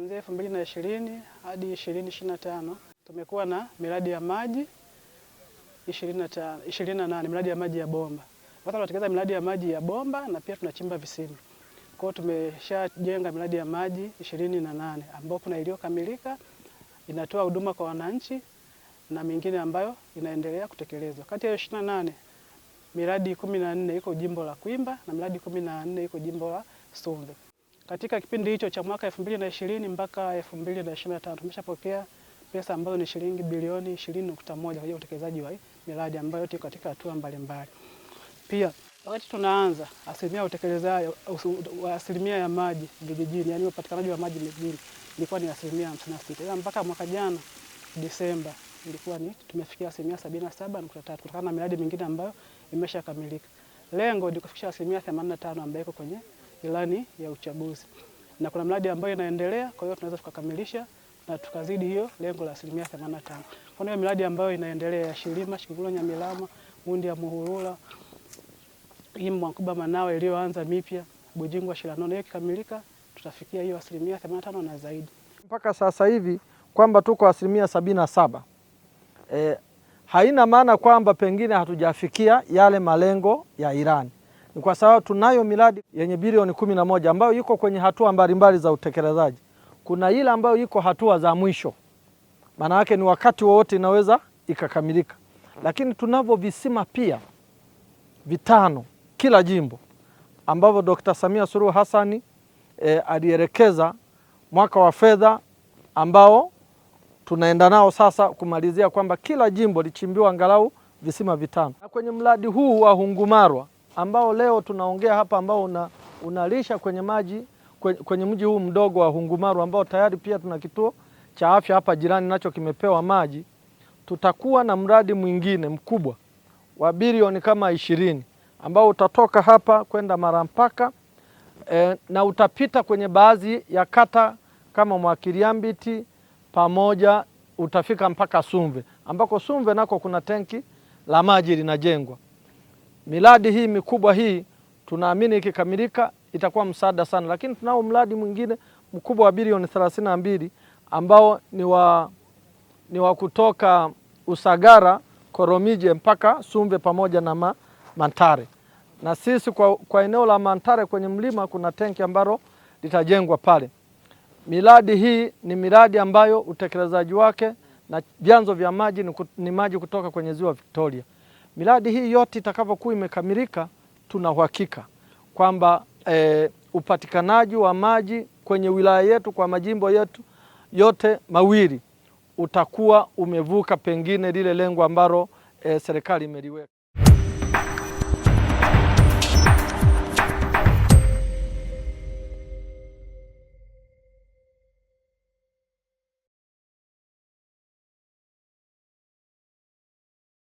kuanzia elfu mbili na ishirini hadi ishirini ishirini na tano tumekuwa na miradi ya maji ishirini na nane miradi ya maji ya bomba. Sasa tunatekeleza miradi ya maji ya bomba na pia tunachimba visima. Kwa hiyo tumeshajenga miradi ya maji ishirini na nane ambayo kuna iliyokamilika inatoa huduma kwa wananchi na mingine ambayo inaendelea kutekelezwa. Kati ya ishirini na nane miradi kumi na nne iko jimbo la Kwimba na miradi kumi na nne iko jimbo la sumbe katika kipindi hicho cha mwaka 2020 mpaka 2025 tumeshapokea pesa ambazo ni shilingi bilioni 20.1 kwa ajili ya utekelezaji wa miradi ambayo iko katika hatua mbalimbali. Pia wakati tunaanza asilimia utekelezaji asilimia ya maji vijijini, yani upatikanaji wa maji mjini ilikuwa ni asilimia 56, ila mpaka mwaka jana Disemba ilikuwa ni tumefikia asilimia 77.3 kutokana na miradi mingine ambayo imeshakamilika. Lengo ni kufikisha asilimia 85 ambayo iko kwenye ilani ya uchaguzi, na kuna mradi ambayo inaendelea, kwa hiyo tunaweza tukakamilisha na tukazidi hiyo lengo la asilimia 85. Kwa hiyo miradi ambayo inaendelea ya Shilima, Shikungulwa, Nyamilama, ya Muhurula, Mwakuba, Manawa iliyoanza mipya, Bujingwa, Shilanono, hiyo ikikamilika tutafikia hiyo asilimia 85 na zaidi. Mpaka sasa hivi kwamba tuko asilimia 77 eh, haina maana kwamba pengine hatujafikia yale malengo ya Irani ni kwa sababu tunayo miradi yenye bilioni kumi na moja ambayo iko kwenye hatua mbalimbali za utekelezaji. Kuna ile ambayo iko hatua za mwisho, maana yake ni wakati wowote inaweza ikakamilika, lakini tunavyo visima pia vitano kila jimbo ambavyo Dkt. Samia Suluhu Hassan e, alielekeza mwaka wa fedha ambao tunaenda nao sasa kumalizia kwamba kila jimbo lichimbiwa angalau visima vitano, na kwenye mradi huu wa Hungumarwa ambao leo tunaongea hapa ambao una, unalisha kwenye maji kwenye, kwenye mji huu mdogo wa Hungumaru ambao tayari pia tuna kituo cha afya hapa jirani nacho kimepewa maji. Tutakuwa na mradi mwingine mkubwa wa bilioni kama ishirini ambao utatoka hapa kwenda Marampaka e, na utapita kwenye baadhi ya kata kama Mwakiriambiti pamoja utafika mpaka Sumve ambako Sumve nako kuna tenki la maji linajengwa miradi hii mikubwa hii tunaamini ikikamilika itakuwa msaada sana, lakini tunao mradi mwingine mkubwa wa bilioni thelathini na mbili ambao ni wa, ni wa kutoka Usagara Koromije mpaka Sumbe pamoja na ma, Mantare na sisi kwa, kwa eneo la Mantare kwenye mlima kuna tenki ambalo litajengwa pale. Miradi hii ni miradi ambayo utekelezaji wake na vyanzo vya maji ni, ni maji kutoka kwenye ziwa Victoria. Miradi hii yote itakapokuwa imekamilika, tuna uhakika kwamba e, upatikanaji wa maji kwenye wilaya yetu kwa majimbo yetu yote mawili utakuwa umevuka pengine lile lengo ambalo e, serikali imeliweka.